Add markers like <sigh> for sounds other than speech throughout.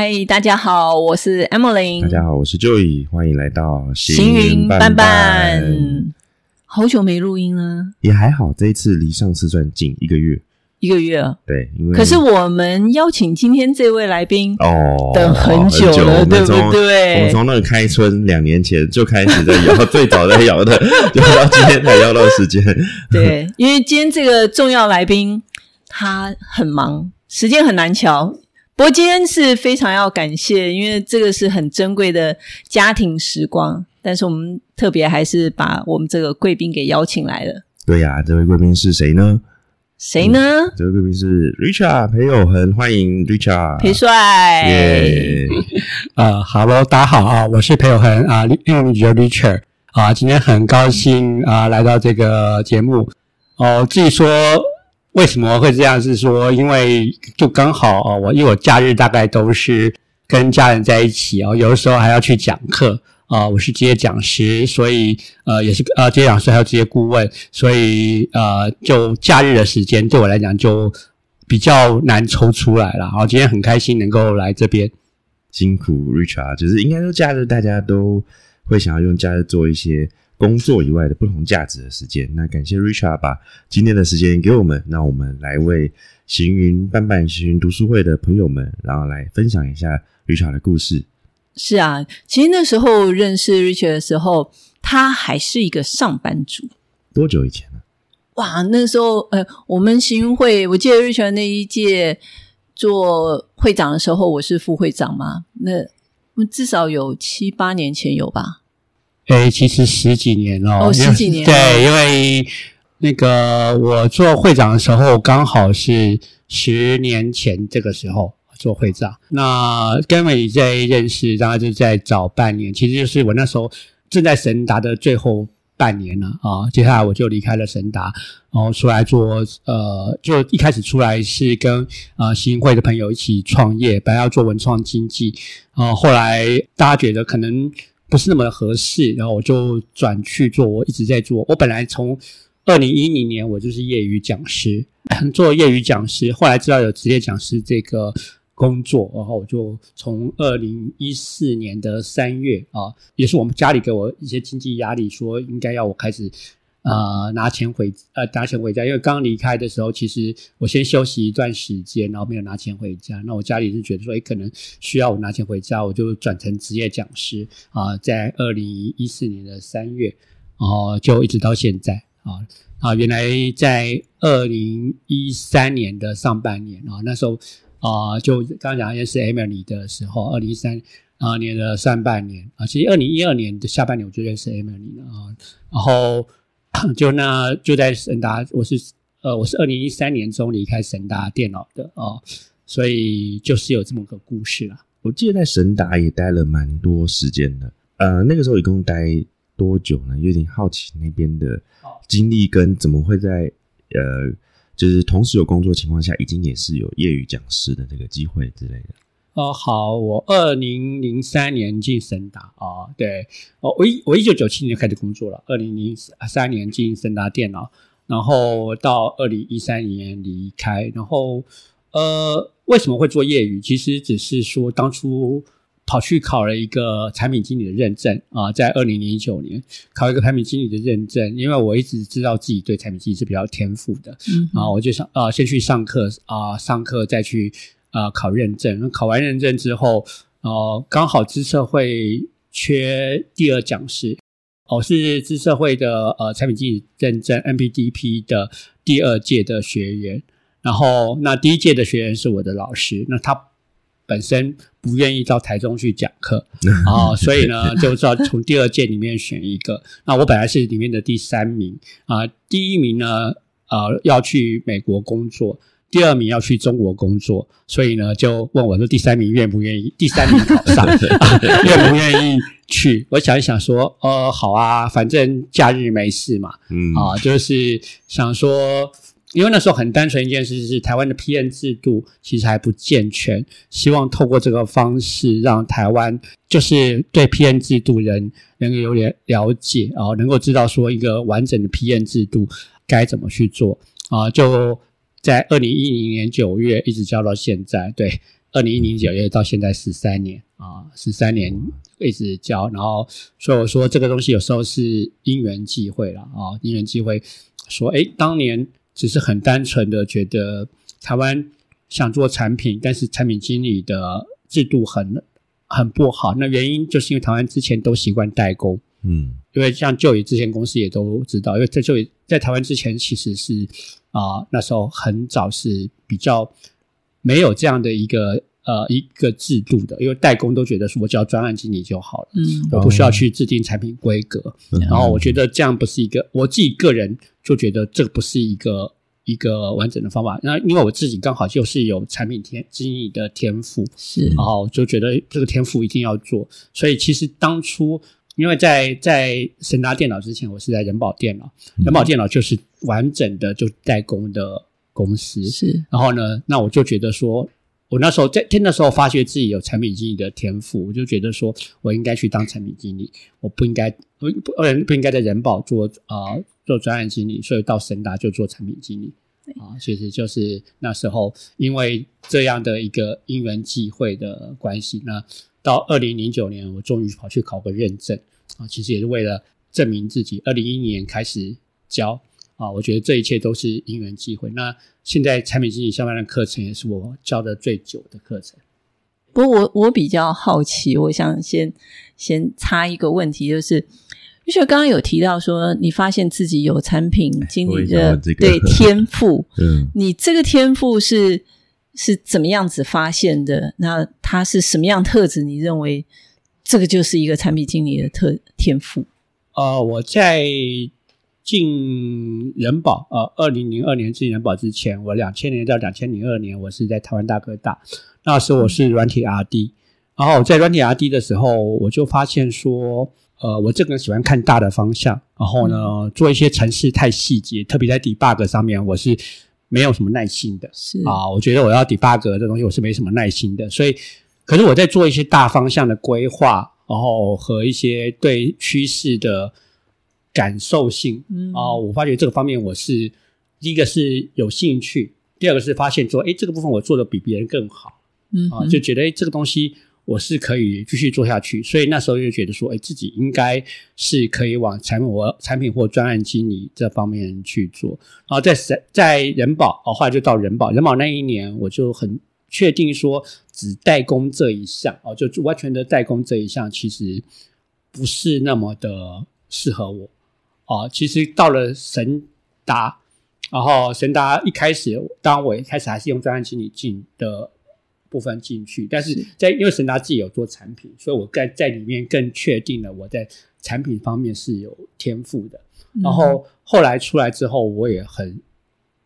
嗨，Hi, 大家好，我是 Emily。大家好，我是 Joey。歡迎來到行雲斑斑。斑斑。好久沒錄音了，也還好，這一次離上次算近，一個月，一個月了。對，因為可是我們邀請今天這位來賓，哦，等很久了，哦、很久對不對？我們從那個開春兩年前就開始在邀， <laughs> 最早在邀的， <laughs> 到今天才邀到時間。對，因為今天這個重要來賓，他很忙，時間很難瞧。不過今天是非常要感謝，因為這個是很珍貴的家庭時光，但是我們特別還是把我們這個貴賓給邀請來了。對呀、啊，這位貴賓是誰呢？誰呢、嗯？這位貴賓是 Richard 裴有恆，歡迎 Richard 裴帥。啊哈嘍， <laughs> uh, hello, 大家好啊，我是裴有恆啊，英文名叫 Richard 啊、uh,，今天很高興啊、uh, 來到這個節目哦，據、uh, 說。為什麼會這樣？是說，因為就剛好啊、哦，我因為我假日大概都是跟家人在一起哦，有的時候還要去講課啊、呃。我是職業講師，所以呃，也是呃，職業講師還有職業顧問，所以呃，就假日的時間對我來講就比較難抽出來了。哦，今天很開心能夠來這邊，辛苦 Richard，就是應該說假日大家都會想要用假日做一些。工作以外的不同價值的時間，那感謝 Richard 把今天的時間給我們，那我們來為行雲伴伴行雲讀書會的朋友們，然後來分享一下 Richard 的故事。是啊，其實那時候認識 Richard 的時候，他還是一個上班族。多久以前呢、啊？哇，那時候呃，我們行雲會，我記得 Richard 那一屆做會長的時候，我是副會長嘛，那至少有七八年前有吧。哎，其實十幾年了，哦，十幾年了，對，因為那個我做會長的時候，剛好是十年前這個時候做會長。那跟偉在認識，大概就在早半年，其實就是我那時候正在神達的最後半年了啊。接下來我就離開了神達，然後出來做呃，就一開始出來是跟呃新會的朋友一起創業，本來要做文創經濟呃，後來大家覺得可能。不是那麼合適，然後我就轉去做我一直在做。我本來從二零一零年我就是業餘講師，做業餘講師，後來知道有職業講師這個工作，然後我就從二零一四年的三月啊，也是我們家裡給我一些經濟壓力，說應該要我開始。呃，拿錢回呃，拿錢回家，因為剛離開的時候，其實我先休息一段時間，然後沒有拿錢回家。那我家裡人覺得說、欸，可能需要我拿錢回家，我就轉成職業講師啊、呃。在二零一四年的三月，然、呃、後就一直到現在啊啊、呃呃。原來在二零一三年的上半年啊、呃，那時候啊、呃，就剛剛講的是 Emily 的時候，二零一三年的上半年啊、呃，其實二零一二年的下半年，我就認識 Emily 了、呃、啊，然後。就那就在神達，我是呃，我是二零一三年中離開神達電腦的哦，呃，所以就是有這麼個故事啦，我記得在神達也待了蠻多時間的，呃，那個時候一共待多久呢？有點好奇那邊的經歷跟怎麼會在呃，就是同時有工作情況下，已經也是有業餘講師的那個機會之類的。哦，呃、好，我二零零三年進神達啊，對，哦，我一我一九九七年開始工作了，二零零三年進神達電腦，然後到二零一三年離開，然後呃，為什麼會做業餘？其實只是說當初跑去考了一個產品經理的認證啊，在二零零九年考一個產品經理的認證，因為我一直知道自己對產品經理是比較天賦的，嗯哼，啊，我就想啊、呃、先去上課啊、呃，上課再去。啊、呃，考認證，考完認證之後，剛、呃、好，資策會缺第二講師，我、哦、是資策會的呃產品經理認證 NPDP 的第二屆的學員，然後那第一屆的學員是我的老師，那他本身不願意到台中去講課，啊、 <laughs> 呃，所以呢，就是要從第二屆裡面選一個， <laughs> 那我本來是裡面的第三名，啊、呃，第一名呢，呃，要去美國工作。第二名要去中國工作，所以呢，就問我說：“第三名願不願意？”第三名考上，願不 <laughs> 對對、啊、願意去？我想一想說：“呃，好啊，反正假日沒事嘛。嗯”嗯啊，就是想說，因為那時候很單純一件事，就是台灣的 PM 制度其實還不健全，希望透過這個方式讓台灣就是對 PM 制度人能有點了解，然、啊、後能夠知道說一個完整的 PM 制度該怎麼去做啊，就。在二零一零年九月一直教到現在，對，二零一零年九月到現在十三年啊，十三年一直教，然後所以我說這個東西有時候是因緣際會啦。啊，因緣際會說，說、欸、誒當年只是很單純的覺得台灣想做產品，但是產品經理的制度很很不好，那原因就是因為台灣之前都習慣代工，嗯，因為像就也之前公司也都知道，因為在就也在台灣之前其實是。啊、呃，那時候很早是比較沒有這樣的一個呃一個制度的，因為代工都覺得說我只要專案經理就好了，嗯，我不需要去制定產品規格。嗯、然後我覺得這樣不是一個，我自己個人就覺得這不是一個一個完整的方法。那因為我自己剛好就是有產品天經理的天賦，是，然後就覺得這個天賦一定要做。所以其實當初。因為在在神達電腦之前，我是在仁寶電腦，嗯、仁寶電腦就是完整的就代工的公司。是，然後呢，那我就覺得說，我那時候在聽的時候，發覺自己有產品經理的天賦，我就覺得說我應該去當產品經理，我不應該不不，不應該在仁寶做啊、呃、做專案經理，所以到神達就做產品經理。對啊，其實就是那時候因為這樣的一個因緣際會的關係，那。到二零零九年，我終於跑去考個認證啊，其實也是為了證明自己。二零一一年開始教啊，我覺得這一切都是因緣際會。那現在產品經理相關的課程也是我教的最久的課程。不過我，我我比較好奇，我想先先插一個問題，就是，就像剛剛有提到說，你發現自己有產品經理的、哎這個、對天賦，嗯，你這個天賦是。是怎麼樣子發現的？那他是什麼樣特質？你認為這個就是一個產品經理的特天賦？呃我在進仁寶，呃，二零零二年進仁寶之前，我兩千年到兩千零二年，我是在台灣大哥大。那時候我是軟體 R D，Okay. 然後我在軟體 R D 的時候，我就發現說，呃，我這個人喜歡看大的方向，然後呢，嗯、做一些程式太細節，特別在 debug 上面，我是。嗯沒有什麼耐心的，是啊，我覺得我要 debug 這東西我是沒什麼耐心的，所以，可是我在做一些大方向的規劃，然後和一些對趨勢的感受性，嗯，啊，我發覺這個方面我是，一個是有興趣，第二個是發現說，哎，這個部分我做的比別人更好，嗯哼啊，就覺得哎，這個東西。我是可以繼續做下去，所以那時候就覺得說，哎、欸，自己應該是可以往產品、或產品或專案經理這方面去做。然後在神在人保，哦，後來就到人保。人保那一年，我就很確定說，只代工這一項，哦，就完全的代工這一項，其實不是那麼的適合我。哦，其實到了神達，然後神達一開始，當我一開始還是用專案經理進的。部分進去，但是在因為神達自己有做產品，是所以我在在裡面更確定了我在產品方面是有天賦的。嗯、哼然後後來出來之後，我也很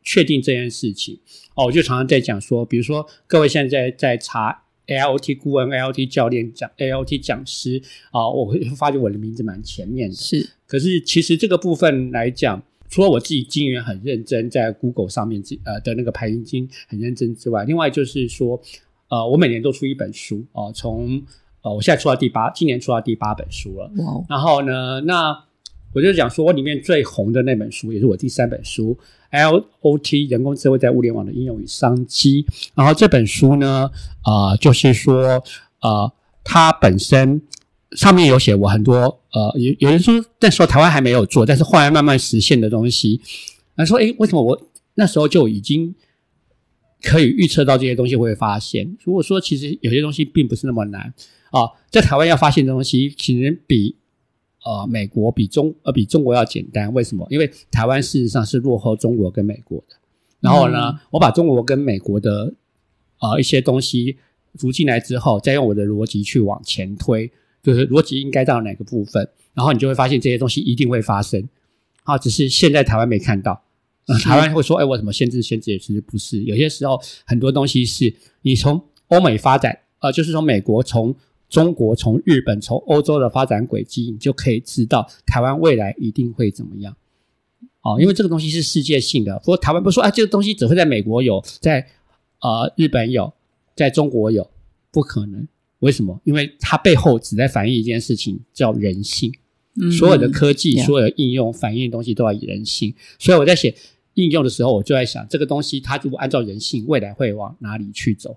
確定這件事情。哦，我就常常在講說，比如說各位現在在，在查 AIoT 顧問、AIoT 教練講 AIoT 講師啊、哦，我會發覺我的名字蠻前面的。是，可是其實這個部分來講，除了我自己經營很認真，在 Google 上面呃的那個排名金很認真之外，另外就是說，呃，我每年都出一本書呃，從呃，我現在出到第八，今年出到第八本書了。Wow. 然後呢，那我就講說我裡面最紅的那本書，也是我第三本書，《AIoT 人工智慧在物聯網的應用與商機》。然後這本書呢，啊、呃，就是說，呃，它本身上面有寫我很多，呃，有有人說那時候台灣還沒有做，但是後來慢慢實現的東西。他說：“誒，為什麼我那時候就已經？”可以預測到這些東西，會發現，如果說其實有些東西並不是那麼難啊，在台灣要發現的東西，其實比呃美國、比中呃比中國要簡單。為什麼？因為台灣事實上是落後中國跟美國的。然後呢，嗯、我把中國跟美國的啊、呃、一些東西讀進來之後，再用我的邏輯去往前推，就是邏輯應該到哪個部分，然後你就會發現這些東西一定會發生。啊，只是現在台灣沒看到。呃、台灣會說：“哎、欸，我什麼限制限制？制也其實不是。有些時候，很多東西是你從歐美發展，呃，就是從美國、從中國、從日本、從歐洲的發展軌跡，你就可以知道台灣未來一定會怎麼樣。哦、呃，因為這個東西是世界性的。不過台灣不說啊、呃，這個東西只會在美國有，在呃日本有，在中國有，不可能。為什麼？因為它背後只在反映一件事情，叫人性。”嗯嗯，所有的科技，Yeah. 所有的應用反映的東西都要以人性，所以我在寫應用的時候，我就在想這個東西它如果按照人性，未來會往哪裡去走？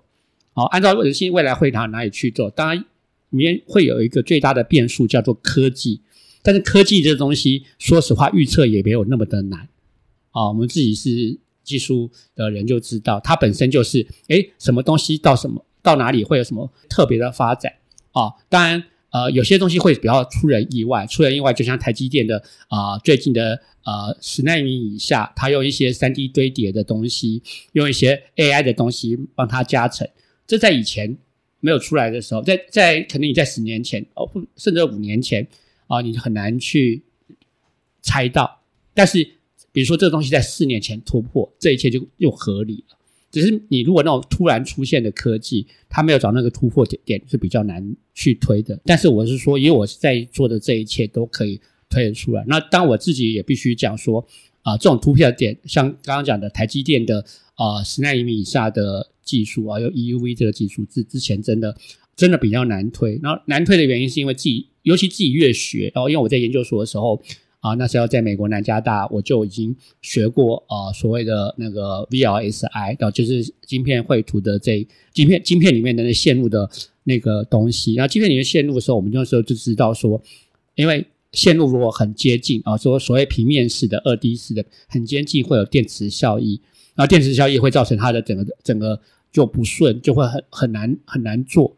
好、哦，按照人性未來會往哪裡去走？當然裡面會有一個最大的變數叫做科技，但是科技這東西說實話預測也沒有那麼的難啊、哦。我們自己是技術的人就知道，它本身就是誒，什麼東西到什麼到哪裡會有什麼特別的發展啊、哦？當然。呃，有些東西會比較出人意外，出人意外，就像台積電的啊、呃，最近的啊十納米以下，它用一些 3D 堆疊的東西，用一些 AI 的東西幫它加成。這在以前沒有出來的時候，在在可能你在十年前，哦甚至五年前啊、哦，你很難去猜到。但是，比如說這個東西在四年前突破，這一切就又合理了。只是你如果那種突然出現的科技，它沒有找那個突破點，是比較難去推的。但是我是說，因為我在做的這一切都可以推得出來。那當我自己也必須講說，啊、呃，這種突破點，像剛剛講的台積電的啊十納米以下的技術啊，有 EUV 這個技術之之前真的真的比較難推。那難推的原因是因為自己，尤其自己越學，然後因為我在研究所的時候。啊，那時候在美國南加大，我就已經學過啊、呃，所謂的那個 VLSI，的、啊，就是晶片繪圖的這晶片，晶片裡面的那線路的那個東西。然後晶片裡面的線路的時候，我們那時候就知道說，因為線路如果很接近啊，說所謂平面式的、二 D 式的很接近，會有電磁效應，然後電磁效應會造成它的整個整個就不順，就會很很難很難做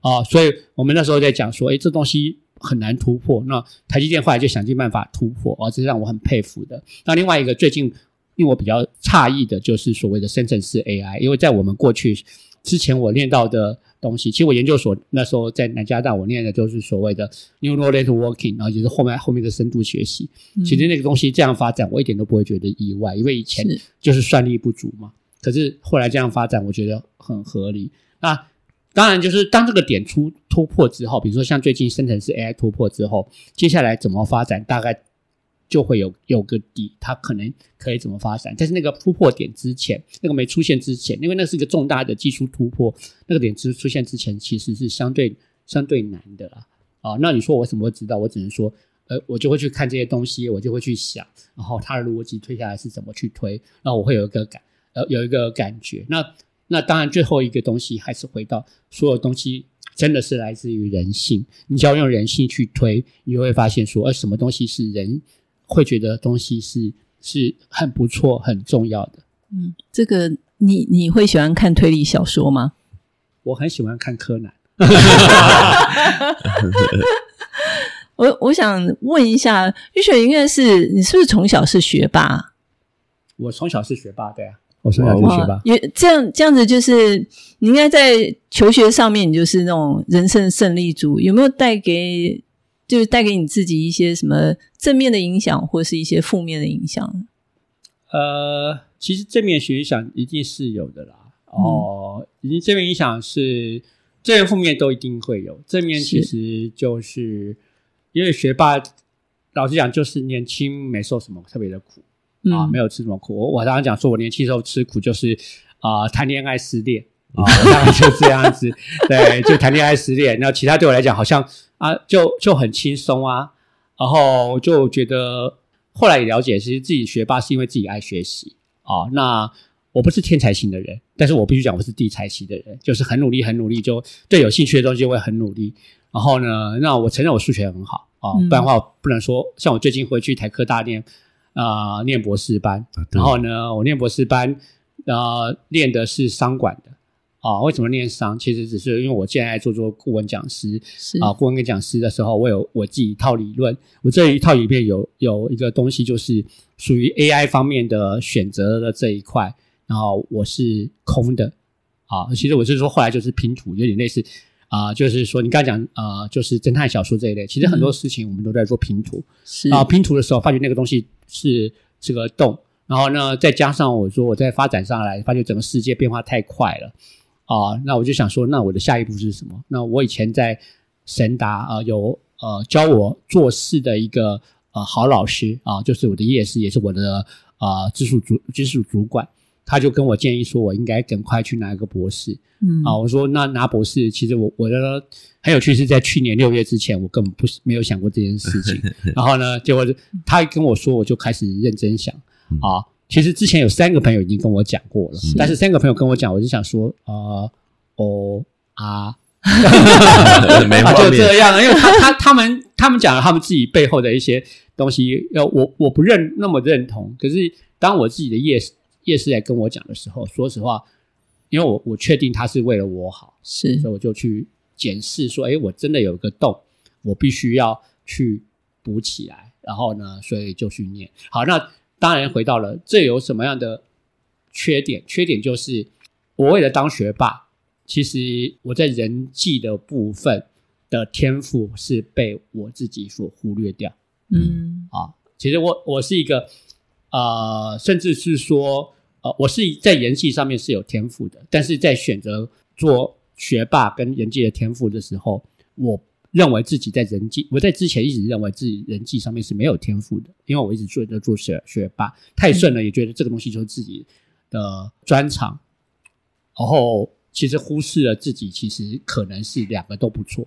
啊。所以我們那時候在講說，哎、欸，這東西。很難突破。那台積電後來就想盡辦法突破，而、哦、這是讓我很佩服的。那另外一個最近，令我比較詫異的就是所謂的生成式 AI。因為在我們過去之前，我念到的東西，其實我研究所那時候在南加大，我念的就是所謂的 neural networking，然後就是後面後面的深度學習。其實那個東西這樣發展，我一點都不會覺得意外，因為以前就是算力不足嘛。是可是後來這樣發展，我覺得很合理。那。當然，就是當這個點出突破之後，比如說像最近生成式 AI 突破之後，接下來怎麼發展，大概就會有有個底，它可能可以怎麼發展。但是那個突破點之前，那個沒出現之前，因為那是一個重大的技術突破，那個點出出現之前，其實是相對相對難的了。啊，那你說我怎麼會知道？我只能說，呃，我就會去看這些東西，我就會去想，然後它的邏輯推下來是怎麼去推，那我會有一個感呃有一個感覺。那那當然，最後一個東西還是回到所有東西真的是來自於人性。你只要用人性去推，你就會發現說，什麼東西是人會覺得東西是是很不錯、很重要的。嗯，這個你你會喜歡看推理小說嗎？我很喜歡看柯南。 <laughs> <laughs> 我我想問一下，玉雪音樂是你是不是從小是學霸？我從小是學霸，對啊。我說下求學吧，哦哦、也這樣這樣子，就是你應該在求學上面，你就是那種人生勝利組。有沒有帶給就是帶給你自己一些什麼正面的影響，或是一些負面的影響？呃，其實正面影響一定是有的啦。哦，已經、嗯、正面影響是正面負面都一定會有。正面其實就是，是因為學霸，老實講就是年輕沒受什麼特別的苦。嗯、啊，沒有吃什麼苦。我我剛剛講說，我，說我年輕時候吃苦就是、呃、談戀愛失戀啊，談戀愛失戀啊，就這樣子，對，就談戀愛失戀。然後其他對我來講，好像啊，就就很輕鬆啊。然後就覺得，後來也了解，其實自己學霸是因為自己愛學習啊。那我不是天才型的人，但是我必須講我是地才型的人，就是很努力，很努力，就對有興趣的東西就會很努力。然後呢，那我承認我數學很好啊，嗯、不然的話不能說。像我最近回去台科大念。啊、呃，念博士班，啊、然後呢，我念博士班，呃，念的是商管的。啊，為什麼念商？其實只是因為我現在做做顧問講師，是啊，顧問跟講師的時候，我有我自己一套理論。我這一套裡面有、嗯、有一個東西，就是屬於 AI 方面的選擇的這一塊。然後我是空的，啊，其實我是說，後來就是拼圖，有點類似啊、呃，就是說你剛剛講啊、呃，就是偵探小說這一類。其實很多事情我們都在做拼圖。啊、嗯，拼圖的時候，發覺那個東西。是這個洞，然後呢，再加上我說我在發展上來，發現整個世界變化太快了啊、呃，那我就想說，那我的下一步是什麼？那我以前在神達啊、呃，有呃教我做事的一個呃好老師啊、呃，就是我的業師，也是我的呃技術主技術主管。他就跟我建議說，我應該趕快去拿一個博士。嗯，啊，我說那拿博士，其實我我的很有趣是在去年六月之前，我根本不是沒有想過這件事情。 <laughs> 然後呢，結果他跟我說，我就開始認真想，嗯、啊。其實之前有三個朋友已經跟我講過了，是但是三個朋友跟我講，我就想說，呃哦、啊，哦 <laughs> <laughs> <laughs> 啊，就這樣，因為他他他們他們講了他們自己背後的一些東西，要我我不認那麼認同。可是當我自己的業。葉師在跟我講的時候，說實話，因為我我確定他是為了我好，是，所以我就去檢視說，哎，我真的有一個洞，我必須要去補起來。然後呢，所以就去念。好，那當然回到了，這有什麼樣的缺點？缺點就是我為了當學霸，其實我在人際的部分的天賦是被我自己所忽略掉。嗯，啊，其實我我是一個，呃，甚至是說。我是在人際上面是有天賦的，但是在選擇做學霸跟人際的天賦的時候，我認為自己在人際，我在之前一直認為自己人際上面是沒有天賦的，因為我一直做在做學學霸太順了，也覺得這個東西就是自己的專長，然後其實忽視了自己其實可能是兩個都不錯。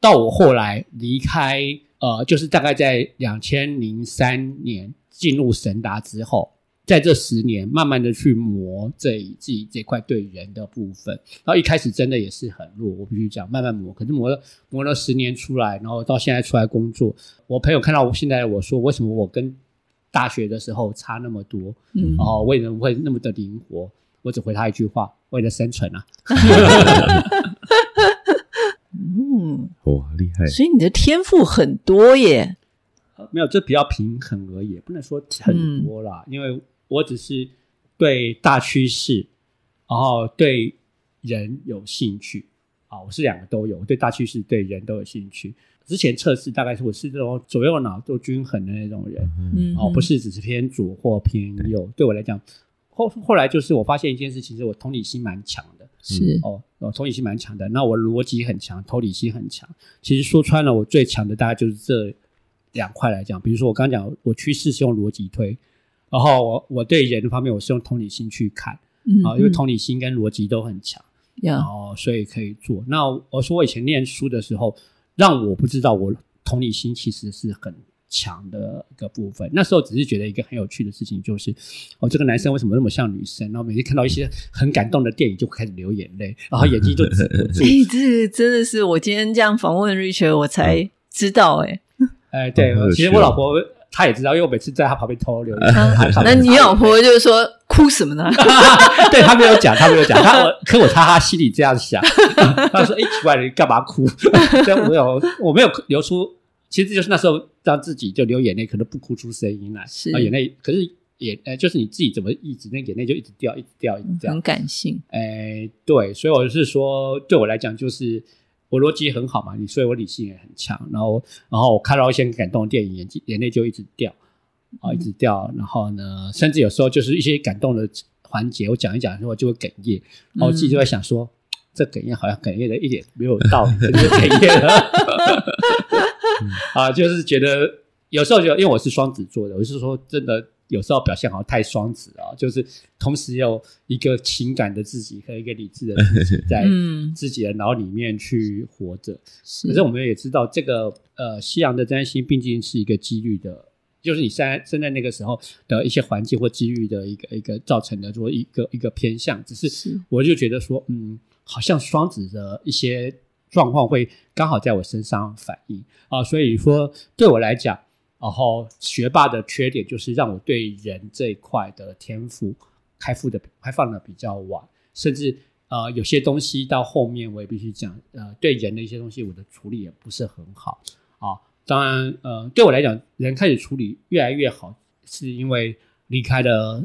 到我後來離開呃，就是大概在兩千零三年進入神達之後，在這十年，慢慢的去磨這一自己這塊對人的部分，然後一開始真的也是很弱，我必須講慢慢磨。可是磨了磨了十年出來，然後到現在出來工作，我朋友看到我現在我說，為什麼我跟大學的時候差那麼多？然後、嗯哦、為什麼會那麼的靈活？我只回他一句話：為了生存啊。 <laughs> <laughs> 嗯，哇、哦，厲害！所以你的天賦很多耶？沒有，這比較平衡而已，不能說很多啦，嗯、因為。我只是對大趨勢，然後對人有興趣啊、哦，我是兩個都有，我對大趨勢、對人都有興趣。之前測試大概是我是這種左右腦都均衡的那種人，嗯哼，哦，不是只是偏左或偏右。對，對我來講，後後來就是我發現一件事，其實我同理心蠻強的，是哦，哦，同理心蠻強的。那我邏輯很強，同理心很強。其實說穿了，我最強的大概就是這兩塊來講。比如說我剛，剛講，我趨勢是用邏輯推。然後我我對人方面我是用同理心去看，啊、嗯哦，因為同理心跟邏輯都很強，嗯、然後所以可以做。那我說我以前念書的時候，讓我不知道我同理心其實是很強的一個部分。那時候只是覺得一個很有趣的事情，就是我、哦、這個男生為什麼那麼像女生？然後每天看到一些很感動的電影就會開始流眼淚，然後眼睛就……止不這個、真的是我今天這樣訪問 Richard，我才知道誒、欸、誒、嗯嗯、對、呃，其實我老婆。他也知道，因為我每次在他旁邊偷偷流，流，他、啊、他。他那你老婆就是、啊、沒就是說哭什麼呢？ <laughs> <laughs> 對他沒有講，他沒有講。他我， <laughs> 可我他他心裡這樣想。 <laughs> 他說：“欸奇怪，你幹嘛哭？所以我有 <laughs> 我沒有，我沒有流出，其實就是那時候讓自己就流眼淚，可能不哭出聲音來。是眼淚，可是眼，呃，就是你自己怎麼一直那個、眼淚就一直掉一直掉一直這樣、嗯，很感性。哎、欸，對，所以我是說，對我來講就是。”我邏輯很好嘛，你所以，我理性也很強。然後，然後我看到一些感動的電影，眼睛眼淚就一直掉啊，一直掉。嗯、然後呢，甚至有時候就是一些感動的環節，我講一講，我就會哽咽。然後我自己就在想說，嗯、這哽咽好像哽咽的一點沒有道理，嗯、就哽咽了。 <laughs> <laughs> <laughs> 啊，就是覺得有時候就因為我是雙子座的，我是說真的。有時候表現好像太雙子啊，就是同時有一個情感的自己和一個理智的自己在自己的腦裡面去活着。 <laughs> 嗯、可是我們也知道，這個呃，西洋的占星畢竟是一個幾率的，就是你生在，生在那個時候的一些環境或機率的一個一個造成的，做一個一個偏向。只是我就覺得說，嗯，好像雙子的一些狀況會剛好在我身上反映啊、呃，所以說對我來講。嗯然後學霸的缺點，就是讓我對人這一塊的天賦開復的開放的比較晚，甚至呃有些東西到後面我也必須講，呃對人的一些東西我的處理也不是很好啊。當然呃對我來講，人開始處理越來越好，是因為離開了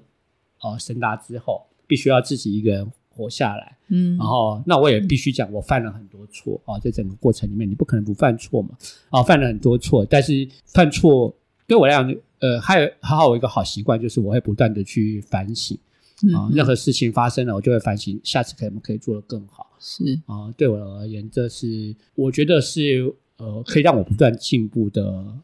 呃神達之後，必須要自己一個人。活下來，嗯，然後那我也必須講，我犯了很多錯、嗯、啊，在整個過程裡面，你不可能不犯錯嘛啊，犯了很多錯，但是犯錯對我來講，呃，還有還好我有一個好習慣就是我會不斷的去反省、嗯、啊，嗯、任何事情發生了，我就會反省，下次可不可以做得更好？是啊，對我而言，這是我覺得是呃，可以讓我不斷進步的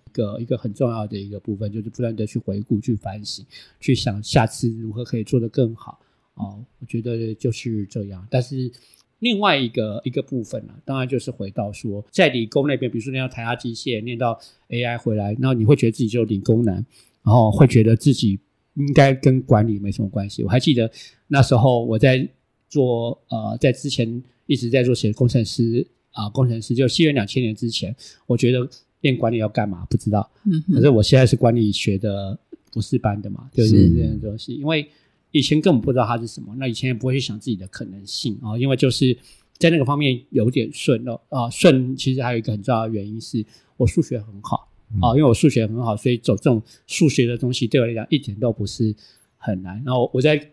一個、嗯、一個很重要的一個部分，就是不斷的去回顧、去反省、去想下次如何可以做得更好。哦，我覺得就是這樣。但是另外一個一個部分呢、啊，當然就是回到說，在理工那邊，比如說念到台大機械，念到 AI 回來，那你會覺得自己就是理工男，然後會覺得自己應該跟管理沒什麼關係。我還記得那時候我在做呃，在之前一直在做寫工程師啊、呃，工程師就西元兩千年之前，我覺得念管理要幹嘛？不知道。嗯哼。可是我現在是管理學的博士班的嘛，就是這些東西，因為。以前根本不知道它是什麼，那以前也不會去想自己的可能性啊、哦，因為就是在那個方面有點順了啊、哦。順其實還有一個很重要的原因是，我數學很好啊、哦，因為我數學很好，所以走這種數學的東西對我來講一點都不是很難。然後我在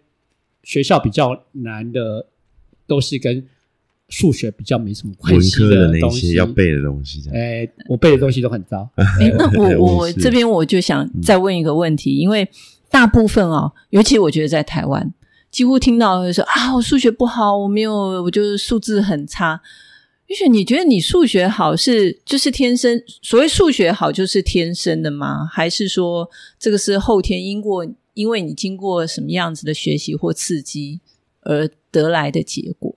學校比較難的都是跟數學比較沒什麼關係的東西，要背的東西。哎，我背的東西都很糟。哎，那我我這邊我就想再問一個問題，因為。大部分哦，尤其我覺得在台灣，幾乎聽到會說啊，我數學不好，我沒有，我就是數字很差。於是你覺得你數學好是就是天生，所謂數學好就是天生的嗎？還是說這個是後天因過，因為你經過什麼樣子的學習或刺激而得來的結果？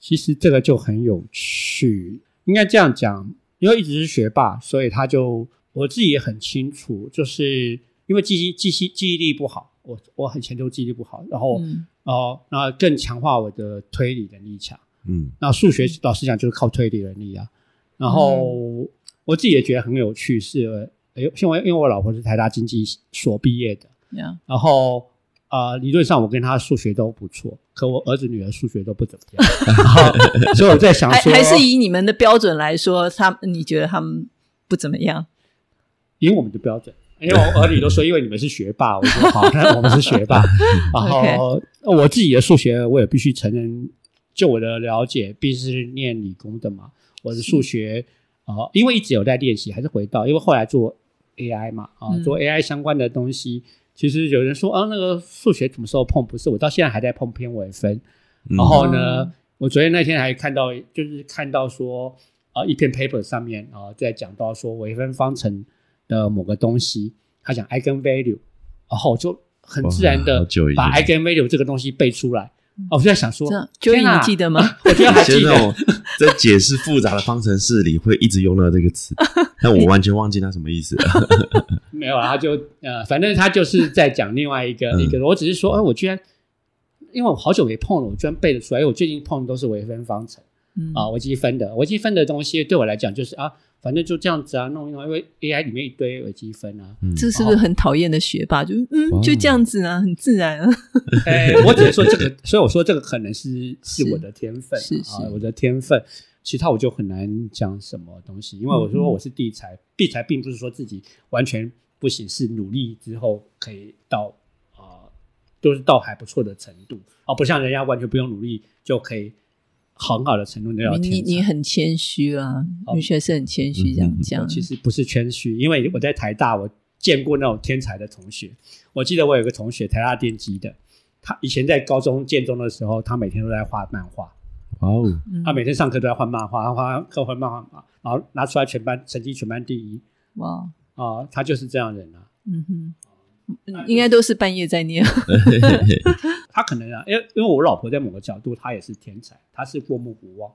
其實這個就很有趣，應該這樣講，因為我一直是學霸，所以他就我自己也很清楚，就是。因為記憶、記憶、記憶力不好，我我很前奏記憶力不好，然後哦，那、嗯呃、更強化我的推理能力強。嗯，那數學老師講就是靠推理能力啊。然後、嗯、我自己也覺得很有趣，是哎，因為因為我老婆是台大經濟所畢業的，嗯、然後啊、呃，理論上我跟她數學都不錯，可我兒子女兒數學都不怎麼樣。 <laughs> 然後所以我在想說，還還是以你們的標準來說，他你覺得他們不怎麼樣？以我們的標準。因為我兒女都說，因為你們是學霸，我說好， <laughs> 我們是學霸。 <laughs> 然後我自己的數學，我也必須承認，就我的了解，必須是念理工的嘛，我的數學啊是、呃，因為一直有在練習，還是回到，因為後來做 AI 嘛啊，呃嗯、做 AI 相關的東西，其實有人說啊，那個數學什麼時候碰？不是我到現在還在碰偏微分。然後呢，嗯、我昨天那天還看到，就是看到說啊、呃，一篇 paper 上面啊、呃，在講到說微分方程。的某個東西，他講 eigenvalue，然後我就很自然的把 eigenvalue 這個東西背出來。哦、我就在想說，就哪你記得嗎？啊、我居然還記得。我在解釋複雜的方程式裡，會一直用到這個詞， <laughs> 但我完全忘記它什麼意思了。 <laughs> 你沒有，他就呃，反正他就是在講另外一個、嗯、一個。我只是說，哎、呃，我居然，因為我好久沒碰了，我居然背得出來。因為我最近碰的都是微分方程，嗯、啊，微積分的，微積分的東西對我來講就是啊。反正就這樣子啊，弄一弄，因為 AI 裡面一堆微積分啊。嗯哦、這是不是很討厭的學霸？就嗯，哦、就這樣子啊，很自然、啊。哈、欸，我只能說這個， <laughs> 所以我說這個可能是是，是我的天分啊，是是啊，我的天分。其他我就很難講什麼東西，因為我說我是地才，嗯、地才並不是說自己完全不行，是努力之後可以到啊，都、呃就是到還不錯的程度啊，不像人家完全不用努力就可以。好，很好的程度，那要你你很謙虛啊，女學生很謙虛、嗯、這樣講、嗯嗯嗯。其實不是謙虛，因為我在台大，我見過那種天才的同學。我記得我有個同學，台大電機的，他以前在高中建中的時候，他每天都在畫漫畫。哦，他、啊、每天上課都在畫漫畫，畫課後漫畫，畫、畫，然後拿出來全班成績全班第一。哇！哦、啊，他就是這樣人啊。嗯哼，嗯那應該都是半夜在念。 <laughs> 嘿嘿嘿他可能啊，因因為我老婆在某個角度，她也是天才，她是過目不忘。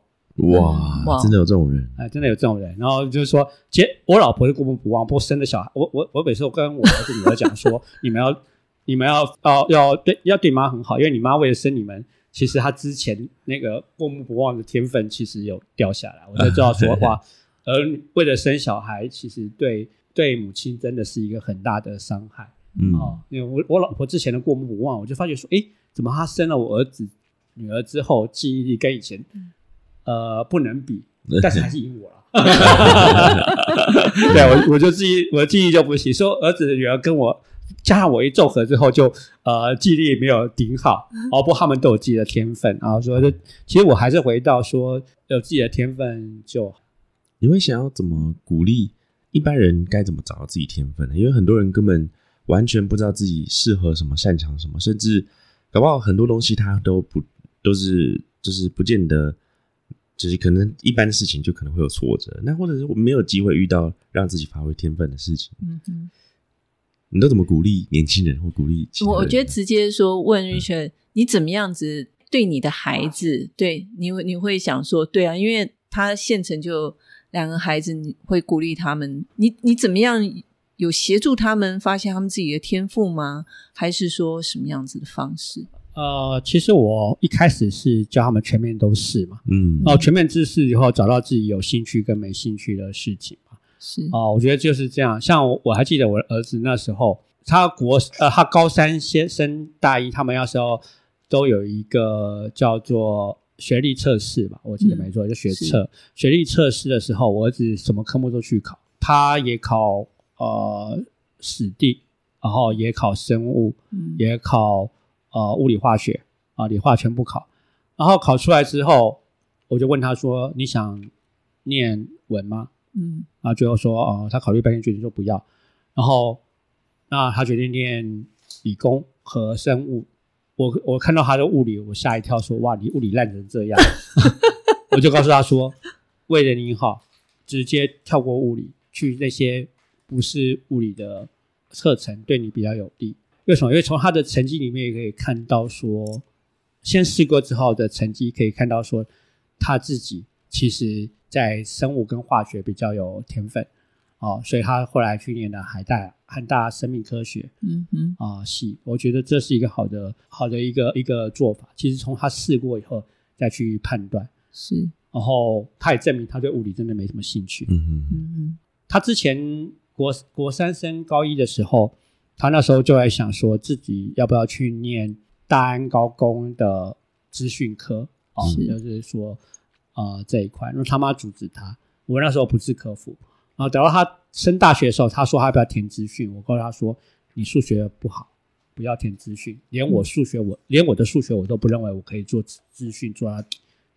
哇，哇真的有這種人啊！哎！真的有這種人。然後就是說，其實我老婆是過目不忘，我不過生的小孩。我我我每次跟我兒子女兒講說， <laughs> 你們要你們要、哦、要對要對要對媽很好，因為你媽為了生你們，其實她之前那個過目不忘的天分其實有掉下來。我就知道說哇，啊、嘿嘿而為了生小孩，其實對對母親真的是一個很大的傷害。嗯啊，哦、因為我我老婆之前的過目不忘，我就發覺說，誒、哎。怎麼他生了我兒子、女兒之後，記憶力跟以前，嗯、呃，不能比，但是還是贏我了、啊。 <laughs> <laughs> 對，我我就記憶，我的記憶就不行。說兒子、女兒跟我加上我一綜合之後就，就呃記憶力沒有頂好。哦不、嗯，包括他們都有自己的天分啊。然後說，其實我還是回到說，有自己的天分就……你會想要怎麼鼓勵一般人？該怎麼找到自己天分呢？因為很多人根本完全不知道自己適合什麼、擅長什麼，甚至。搞不好很多東西他都不都是，就是不見得，就是可能一般的事情就可能會有挫折，那或者是我沒有機會遇到讓自己發揮天分的事情。嗯哼，你都怎麼鼓勵年輕人或鼓勵？我我覺得直接說問玉泉，嗯、你怎麼樣子對你的孩子？哇對你你會想說對啊，因為他現成就兩個孩子，你會鼓勵他們？你你怎麼樣？有協助他們發現他們自己的天賦嗎？還是說什麼樣子的方式？呃，其實我一開始是教他們全面都試嘛，嗯，哦，全面知識以後找到自己有興趣跟沒興趣的事情嘛，是哦、呃，我覺得就是這樣。像我我還記得我兒子那時候，他國呃他高三先升大一，他們那時候都有一個叫做學歷測試吧，我記得沒錯，嗯、就學測是學歷測試的時候，我兒子什麼科目都去考，他也考，呃，史地，然後也考生物，嗯、也考呃物理化學啊，理化全部考。然後考出來之後，我就問他說：“你想念文嗎？”嗯，啊，最後說哦、呃，他考慮半天決定說不要。然後那他決定念理工和生物。我我看到他的物理，我嚇一跳，說：“哇，你物理爛成這樣！” <laughs> <laughs> 我就告訴他說：“為了你好、哦，直接跳過物理，去那些。”不是物理的課程對你比較有利，為什麼？因為從他的成績裡面也可以看到說，說先試過之後的成績可以看到說，說他自己其實在生物跟化學比較有天分，哦，所以他後來去念了海大海大生命科學，嗯哼，啊、呃、系，我覺得這是一個好的好的一個一個做法。其實從他試過以後再去判斷是，然後他也證明他對物理真的沒什麼興趣，嗯嗯嗯嗯，他之前。國國三升高一的時候，他那時候就在想，說自己要不要去念大安高工的資訊科啊，哦、是就是說、呃、這一塊，因為他媽阻止他。我那時候不置可否。然後等到他升大學的時候，他說他要不要填資訊，我告訴他說，你數學不好，不要填資訊。連我數學我，我、嗯、連我的數學，我都不認為我可以做資訊，做到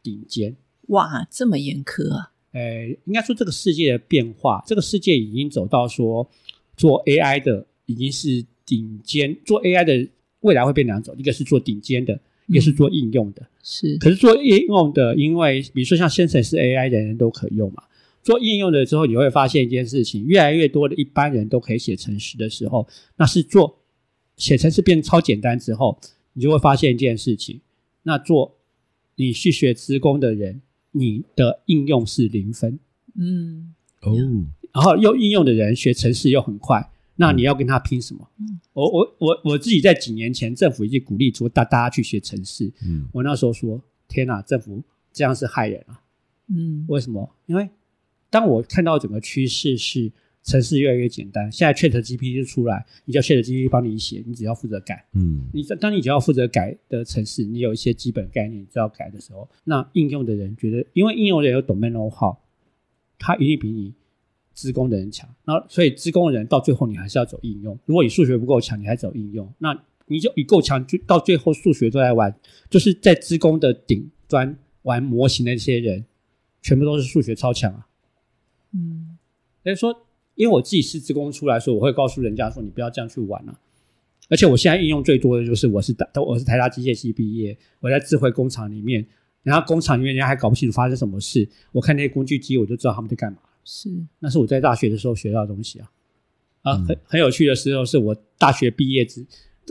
頂尖。哇，這麼嚴苛、啊？呃、欸，應該說這個世界的變化，這個世界已經走到說，做 AI 的已經是頂尖。做 AI 的未來會變兩種，一個是做頂尖的，一個是做應用的。嗯、是，可是做應用的，因為比如說像生成式 AI 人人都可用嘛，做應用的之後你會發現一件事情，越來越多的一般人都可以寫程式的時候，那是做寫程式變超簡單之後，你就會發現一件事情，那做你去學職工的人。你的應用是零分，嗯，哦，Yeah. oh. 然後又應用的人學程式又很快，那你要跟他拼什麼？嗯、我我我我自己在幾年前政府已經鼓勵說大大家去學程式，嗯，我那時候說天哪、啊，政府這樣是害人啊，嗯，為什麼？因為當我看到整個趨勢是。程式越來越簡單，現在 Chat GPT 就出來，你叫 Chat GPT 幫你寫，你只要負責改。嗯，你當你只要負責改的程式，你有一些基本概念，你就要改的時候，那應用的人覺得，因為應用的人有 domain know-how，他一定比你資工的人強。那所以資工的人到最後你還是要走應用，如果你數學不夠強，你還走應用，那你就以夠強，就到最後數學都在玩，就是在資工的頂端玩模型的這些人，全部都是數學超強啊。嗯，所以說。因為我自己是職工出來的時候，說我會告訴人家說你不要這樣去玩了、啊。而且我現在應用最多的就是我是台我是台大機械系畢業，我在智慧工廠裡面，然後工廠裡面人家還搞不清楚發生什麼事，我看那些工具機我就知道他們在幹嘛。是，那是我在大學的時候學到的東西啊。啊，嗯、很很有趣的時候是我大學畢業之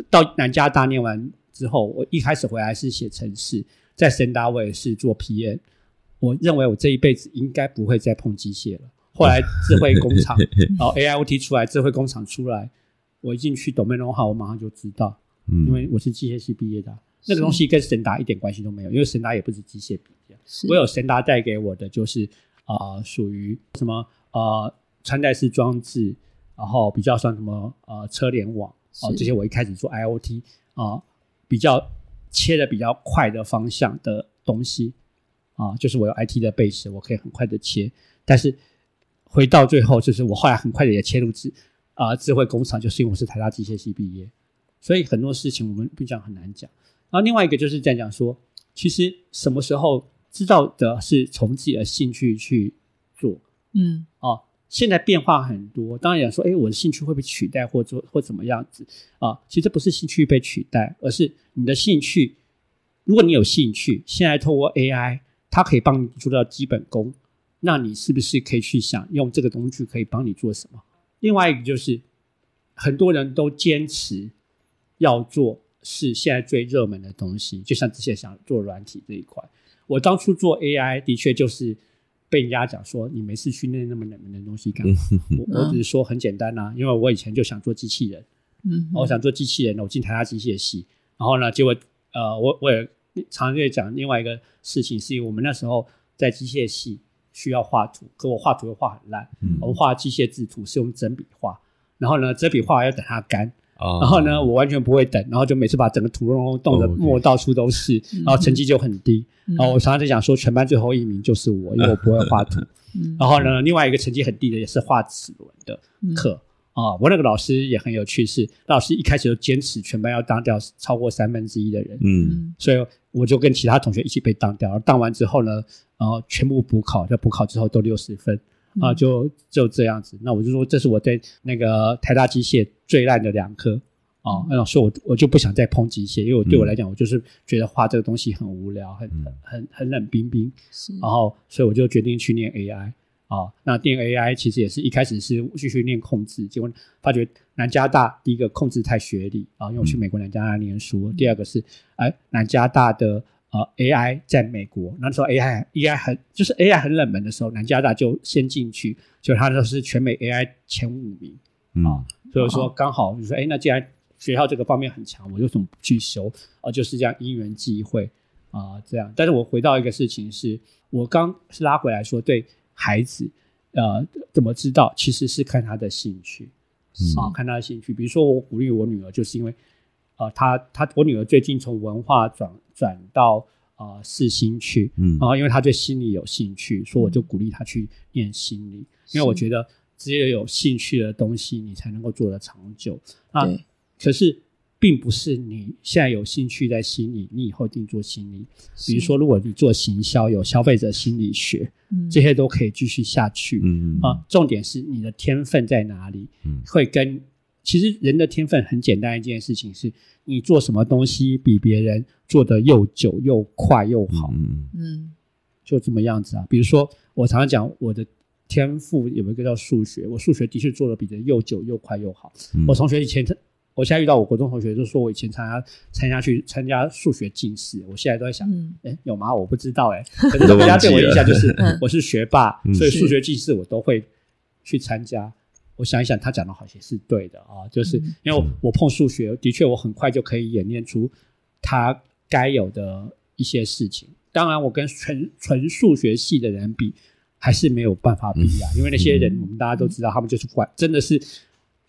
到南加大念完之後，我一開始回來是寫程式，在深大我也是做 P N，我認為我這一輩子應該不會再碰機械了。後來智慧工廠，然後 A I O T 出來，智慧工廠出來， <laughs> 我一進去 domain know-how，我馬上就知道，嗯、因為我是機械系畢業的，是那個東西跟神達一點關係都沒有，因為神達也不是機械。我有神達帶給我的就是啊，屬、呃、於什麼呃穿戴式裝置，然後比較算什麼呃車聯網，哦、呃、是這些我一開始做 I O T 啊、呃、比較切的比較快的方向的東西啊、呃，就是我有 I T 的背景，我可以很快的切，但是。回到最後，就是我後來很快的也切入智啊、呃、智慧工廠，就是因為我是台大機械系畢業，所以很多事情我們比較很難講。然後另外一個就是在講說，其實什麼時候知道的是從自己的興趣去做，嗯，哦，現在變化很多，當然講說，哎，我的興趣會被取代，或做或怎麼樣子啊、呃？其實不是興趣被取代，而是你的興趣，如果你有興趣，現在透過 AI，它可以幫你做到基本功。那你是不是可以去想用這個工具可以幫你做什麼？另外一個就是很多人都堅持要做是現在最熱門的東西，就像之前想做軟體這一塊。我當初做 AI 的確就是被人家講說你沒事去練那麼冷門的東西幹嘛？我我只是說很簡單吶、啊，因為我以前就想做機器人，嗯，我想做機器人，我進台大機械系，然後呢，結果呃，我我也常常在講另外一個事情，是因為我們那時候在機械系。需要畫圖，可我畫圖又畫很爛。嗯、我畫機械製圖是用整筆畫，然後呢，整筆畫要等它乾，哦、然後呢，我完全不會等，然後就每次把整個圖弄弄弄得墨到處都是，嗯、然後成績就很低。嗯、然後我常常在講說，全班最後一名就是我，因為我不會畫圖。嗯、然後呢，另外一個成績很低的也是畫齒輪的課、嗯、啊，我那個老師也很有趣，是那老師一開始就堅持全班要當掉超過三分之一的人，嗯，所以。我就跟其他同學一起被當掉，當完之後呢，然後全部補考，在補考之後都六十分，嗯、啊，就就這樣子。那我就說，這是我在那個台大機械最爛的兩科。啊，那老師，我我就不想再碰機械，因為我對我來講，嗯、我就是覺得畫這個東西很無聊，很很、嗯、很冷冰冰。然後，所以我就決定去念 AI。啊、哦，那電 AI 其實也是一開始是繼續，續，續練控制，結果發覺南加大第一個控制太學歷，啊，因為我去美國南加大念書，嗯、第二個是哎、呃、南加大的呃 AI 在美國那時候 AI AI 很就是 AI 很冷門的時候，南加大就先進去，就他它是全美 AI 前五名啊，嗯哦、所以說剛好你說、嗯哦、哎那既然學校這個方面很強，我為什麼不去修啊、呃？就是這樣因緣際會啊、呃，這樣。但是我回到一個事情是，是我剛是拉回來說對。孩子，呃，怎麼知道？其實是看他的興趣，嗯、啊，看他的興趣。比如說，我鼓勵我女兒，就是因為，啊、呃，她她我女兒最近從文化轉轉到、呃嗯、啊，世新去，嗯，然後因為她對心理有興趣，所以我就鼓勵她去念心理，嗯、因為我覺得只有有興趣的東西，你才能夠做得長久。那對可是。並不是你現在有興趣在心理，你以後一定做心理。是比如說，如果你做行銷，有消費者心理學，嗯、這些都可以繼續下去。嗯，嗯嗯。啊，重點是你的天分在哪裡？嗯，會跟其實人的天分很簡單一件事情是，是你做什麼東西比別人做得又久又快又好。嗯嗯。就這麼樣子啊。比如說，我常常講我的天賦有一個叫數學，我數學的確做得比人又久又快又好。嗯、我同學以前我現在遇到我國中同學，就說我以前參加、參加去參加數學競賽，我現在都在想，嗯欸、有嗎？我不知道、欸，哎，可是大家對我印象就是我是學霸，所以數學競賽我都會去參加。嗯、我想一想，他講的好像是對的啊，就是、嗯、因為我，我碰數學，的確我很快就可以演練出他該有的一些事情。當然，我跟純純數學系的人比，還是沒有辦法比啊，嗯、因為那些人、嗯、我們大家都知道，他們就是怪，真的是。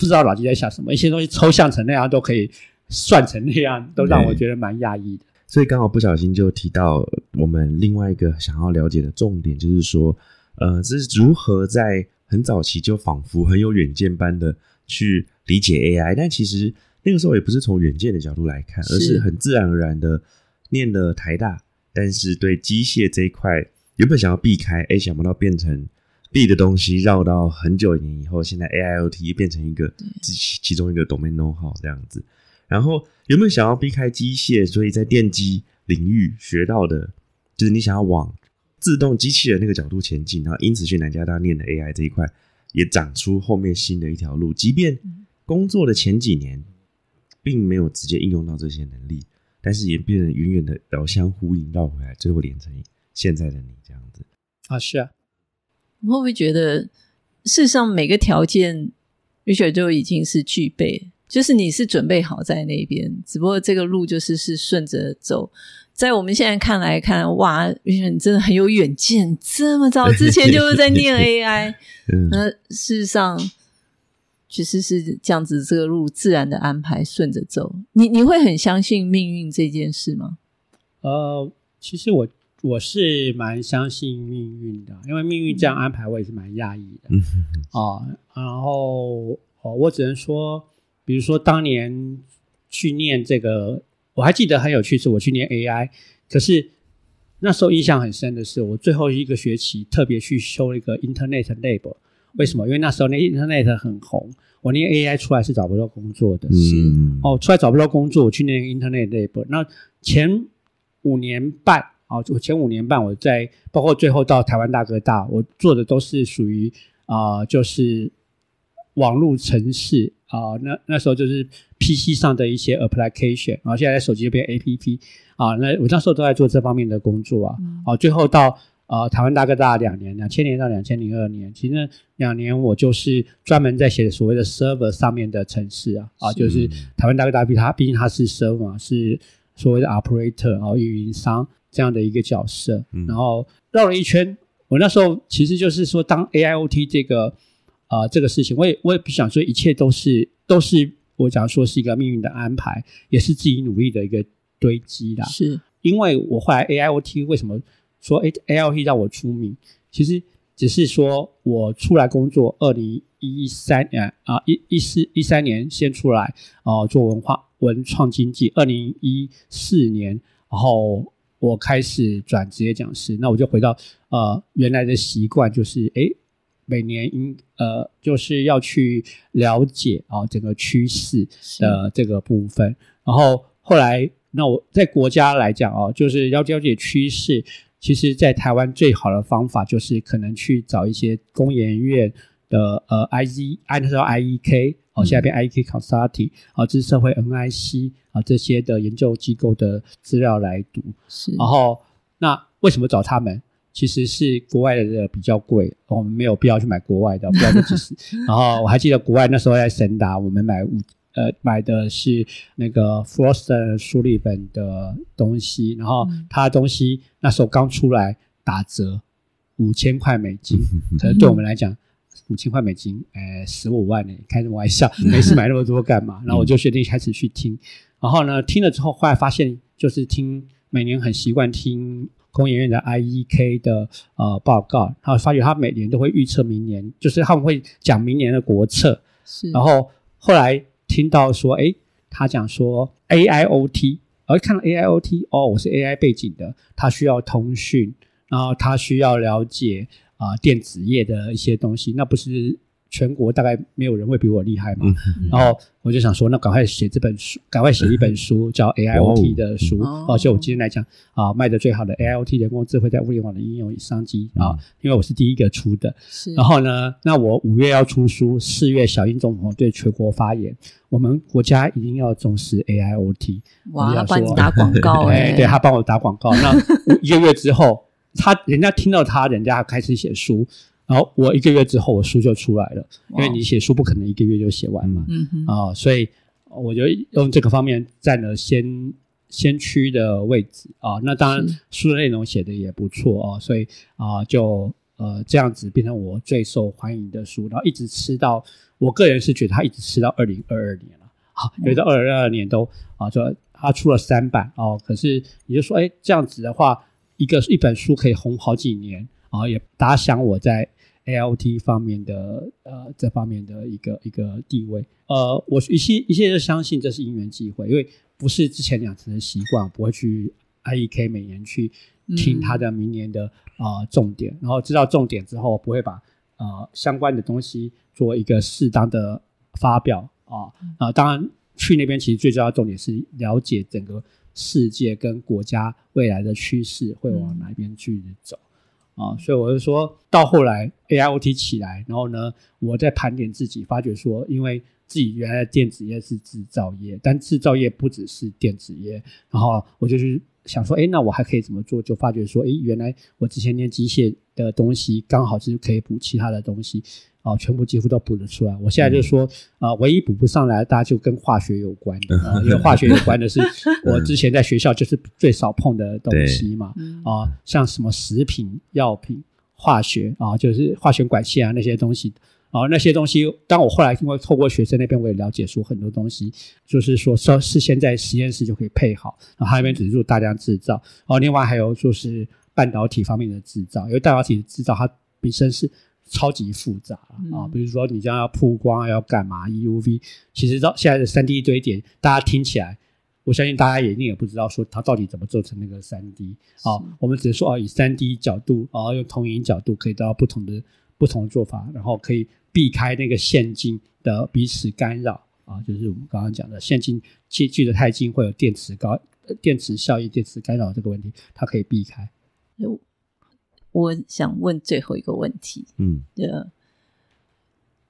不知道老弟在想什麼，一些東西抽象成那樣都可以算成那樣，都讓我覺得蠻訝異的。所以剛好不小心就提到我們另外一個想要了解的重點，就是說，呃，這是如何在很早期就仿佛很有遠見般的去理解 AI，但其實那個時候也不是從遠見的角度來看，而是很自然而然的念了台大，但是對機械這一塊原本想要避開，哎、欸，想不到變成。B 的東西繞到很久以後，現在 AIOT 變成一個這其中一個 domain know-how 這樣子。嗯、然後有沒有想要避開機械，所以在電機領域學到的，就是你想要往自動機器人那個角度前進，然後因此去南加大念的 AI 這一塊，也長出後面新的一條路。即便工作的前幾年並沒有直接應用到這些能力，但是也變得遠遠的遙相呼應，繞回來最後連成現在的你這樣子啊，是啊。你會不會覺得，事實上每個條件，雨雪就已經是具備，就是你是準備好在那邊，只不過這個路就是是順着走。在我們現在看來看，哇，雨雪你真的很有遠見，這麼早之前就是在念 AI。 <laughs> 那事實上其實、就是、是這樣子，這個路自然的安排順着走。你你會很相信命運這件事嗎？呃，其實我。我是蠻相信命運的，因為命運這樣安排，我也是蠻訝異的啊、嗯哦。然後、哦、我只能說，比如說當年去念這個，我還記得很有趣是，我去念 AI，可是那時候印象很深的是，我最後一個學期特別去修了一個 Internet Lab，為什麼？因為那時候那 Internet 很紅，我念 AI 出來是找不到工作的，是、嗯、哦，出來找不到工作，我去念 Internet Lab，那前五年半。哦，我前五年半我在包括最後到台灣大哥大，我做的都是屬於啊，就是網路程式啊、呃。那那時候就是 PC 上的一些 application 啊，現在在手機就變 APP 啊、呃。那我那時候都在做這方面的工作啊。哦、嗯呃，最後到啊、呃、台灣大哥大兩年，兩千年到兩千零二年，其實兩年我就是專門在寫所謂的 server 上面的程式啊啊，呃是嗯、就是台灣大哥大，畢竟它是 server 是所謂的 operator，然、呃、後運營商。這樣的一個角色，嗯、然後繞了一圈。我那時候其實就是說，當 AIOT 這個呃這個事情，我也我也不想說一切都是都是我講，說是一個命運的安排，也是自己努力的一個堆積啦。是因為我後來 AIOT 為什麼說、欸、AIOT 讓我出名？其實只是說我出來工作，二零一三年啊一一四一三年先出來啊、呃、做文化文創經濟，二零一四年然後。我開始轉職業講師，那我就回到呃原來的習慣，就是哎，每年應呃就是要去了解啊、哦、整個趨勢的是這個部分。然後後來那我在國家來講哦，就是要了解趨勢，其實在台灣最好的方法就是可能去找一些工研院的呃 I Z，按照 I E K。哦，現在變 I E K Consulting，嗯、啊，這是社會 MIC 啊，這些的研究機構的資料來讀。是，然後那為什麼找他們？其實是國外的比較貴，我、哦、們沒有必要去買國外的，不要 <laughs> 然後我還記得國外那時候在神達，我們買五呃買的是那個 Frost 的 Sullivan 的東西，然後它的東西那時候剛出來打折，五千塊美金，嗯，可是對我們來講。嗯五千塊美金，欸、十五萬呢、欸？開什麼玩笑？沒事買那麼多幹嘛？ <laughs> 然後我就決定開始去聽，嗯、然後呢，聽了之後，後來發現就是聽每年很習慣聽工研院的 IEK 的呃報告，然後發覺他每年都會預測明年，就是他們會講明年的國策。的然後後來聽到說，哎、欸，他講說 AIOT，我一看到 AIOT，哦，我是 AI 背景的，他需要通訊，然後他需要了解。啊，電子業的一些東西，那不是全國大概沒有人會比我厲害嘛。嗯、然後我就想說，那趕快寫這本書，趕快寫一本書，叫 AIOT 的書。哦，就，哦啊、我今天來講啊，賣的最好的 AIOT 人工智慧在物聯網的應用商機啊，嗯、因為我是第一個出的。是然後呢，那我五月要出書，四月小英總統對全國發言，我們國家一定要重視 AIOT。哇，我要說他幫你打廣告哎，對，他幫我打廣告。那一個月之後。 <laughs> 他，人家聽到他，人家開始寫書，然後我一個月之後，我書就出來了，因為你寫書不可能一個月就寫完嘛，啊，所以我就用這個方面佔了先先驅的位置啊。那當然書的內容寫的也不錯哦，啊，所以啊就呃這樣子變成我最受歡迎的書，然後一直吃到我個人是覺得他一直吃到二零二二年了，好，因為到二零二二年都啊說他出了三版哦，可是你就說哎這樣子的話。一個一本書可以紅好幾年啊，也打響我在 AIoT 方面的呃這方面的一個一個地位。呃，我一些一些就相信這是因緣際會，因為不是之前養成的習慣，不會去 IEK 每年去聽他的明年的啊、嗯呃、重點，然後知道重點之後，不會把呃相關的東西做一個適當的發表啊、嗯、啊。當然去那邊其實最重要的重點是了解整個。世界跟國家未來的趨勢會往哪邊去走啊？所以我就說到後來 A I O T 起來，然後呢，我在盤點自己，發覺說，因為自己原來的電子業是製造業，但製造業不只是電子業，然後我就去想說，哎，那我還可以怎麼做？就發覺說，哎，原來我之前念機械的東西，剛好就是可以補其他的東西。哦，全部幾乎都補得出來。我現在就說，啊、嗯呃，唯一補不上來的，大家就跟化學有關的，嗯呃、因為化學有關的是、嗯、我之前在學校就是最少碰的東西嘛。啊、嗯呃，像什麼食品藥品、化學啊、呃，就是化學管線啊那些東西。啊、呃呃，那些東西，當我後來因為透過學生那邊，我也了解說很多東西，就是說說事先在實驗室就可以配好，然後他那邊只是大量制造。哦、呃，另外還有就是半導體方面的制造，因為半導體制造它本身是。超級複雜啊！比如說你將要曝光、啊、要幹嘛？EUV，其實到現在的三 D 堆疊，大家聽起來，我相信大家也一定也不知道說它到底怎麼做成那個三 D 啊。我們只是說啊，以三 D 角度啊，用投影角度可以到不同的不同的做法，然後可以避開那個線徑的彼此干擾啊。就是我們剛剛講的線徑，切距的太近會有電磁高、電磁效應、電磁干擾這個問題，它可以避開、嗯。我想問最後一個問題，嗯，對啊、